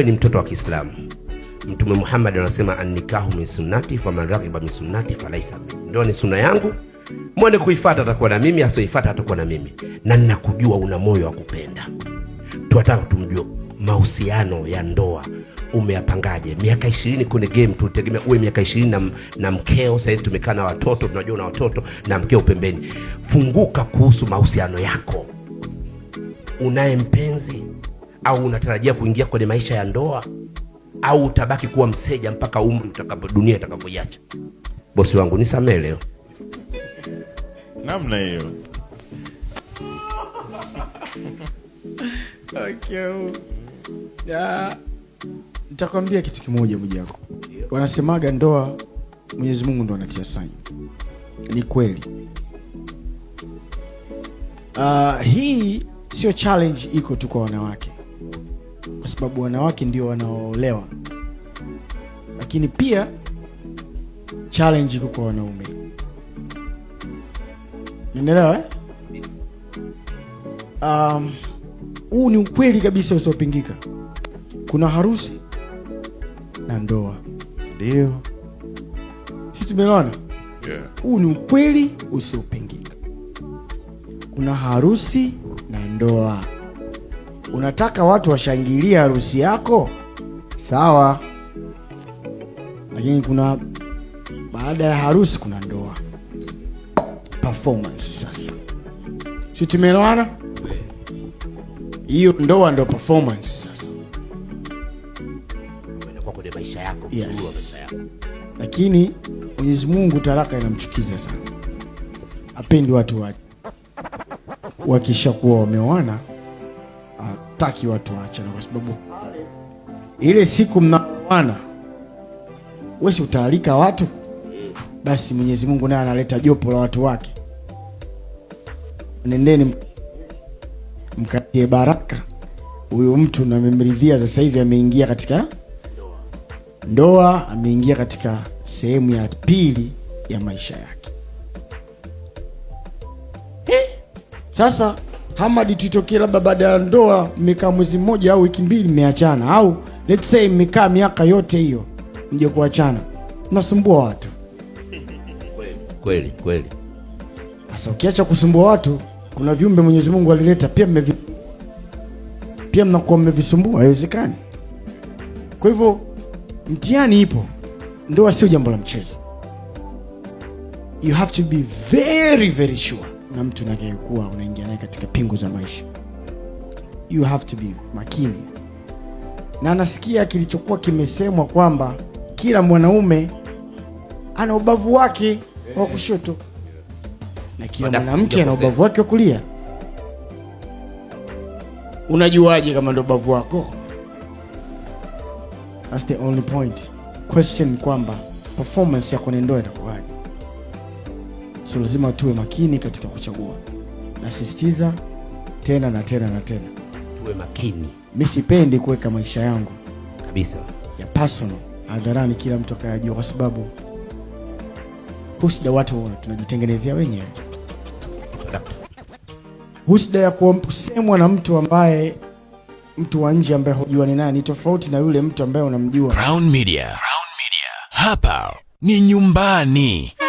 wewe ni mtoto wa Kiislamu. Mtume Muhammad anasema annikahu min sunnati faman raghiba min sunnati falaisa. Ndio ni sunna yangu, mwende kuifuata atakuwa na mimi, asioifuata atakuwa na mimi. Na ninakujua una moyo wa kupenda. Tunataka tumjue mahusiano ya ndoa umeyapangaje? Miaka ishirini kwenye game tulitegemea uwe miaka ishirini na, na mkeo. Sasa hivi tumekaa na watoto, tunajua na watoto na mkeo pembeni. Funguka kuhusu mahusiano yako, unaye mpenzi au unatarajia kuingia kwenye maisha ya ndoa au utabaki kuwa mseja mpaka umri utakapo dunia itakapoiacha. Bosi wangu nisamee leo namna hiyo. Okay. Nitakwambia kitu kimoja Mwijaku, wanasemaga ndoa Mwenyezi Mungu ndo anatia saini. Ni kweli. Uh, hii sio challenge iko tu kwa wanawake kwa sababu wanawake ndio wanaoolewa, lakini pia challenge iko kwa wanaume. Unaelewa eh? Um, huu ni ukweli kabisa usiopingika. Kuna harusi na ndoa, ndio si tumeelewana? Huu yeah, ni ukweli usiopingika. Kuna harusi na ndoa unataka watu washangilie harusi yako sawa, lakini kuna baada ya harusi kuna ndoa performance. Sasa si tumeelewana? Hiyo ndoa ndo performance sasa, maisha yako, yes. maisha yako. Lakini Mwenyezi Mungu taraka inamchukiza sana, apendi watu wa wakishakuwa wameoana hawataki watu waachane, kwa sababu ile siku mnaoana wesi utaalika watu, basi Mwenyezi Mungu naye analeta jopo la watu wake. Nendeni mkatie baraka huyu mtu, na memridhia sasa hivi ameingia katika ndoa, ameingia katika sehemu ya pili ya maisha yake eh. Sasa Hamad, tuitokee labda baada ya ndoa mmekaa mwezi mmoja au wiki mbili mmeachana, au let's say mmekaa miaka yote hiyo mje kuachana, nasumbua watu kweli kweli. Sasa ukiacha kusumbua watu, kuna viumbe Mwenyezi Mungu alileta pia mmevi, pia mnakuwa mmevisumbua, haiwezekani. Kwa hivyo mtihani ipo, ndoa sio jambo la mchezo. You have to be very very sure na mtu unayekuwa unaingia naye katika pingu za maisha. You have to be makini, na nasikia kilichokuwa kimesemwa kwamba kila mwanaume ana ubavu wake wa kushoto na kila mwanamke ana ubavu wake wa kulia. Unajuaje kama ndo ubavu wako? That's the only point question, kwamba performance yako ndio inakuwaje? So lazima tuwe makini katika kuchagua. Nasisitiza tena na tena na tena, tuwe makini. Mi sipendi kuweka maisha yangu kabisa ya personal hadharani, kila mtu akayajua, kwa sababu husda watu tunajitengenezea wenyewe. Husda ya kusemwa na mtu ambaye mtu wa nje ambaye hujua ni nani, tofauti na yule mtu ambaye unamjua. Crown Media. Crown Media. Hapa ni nyumbani.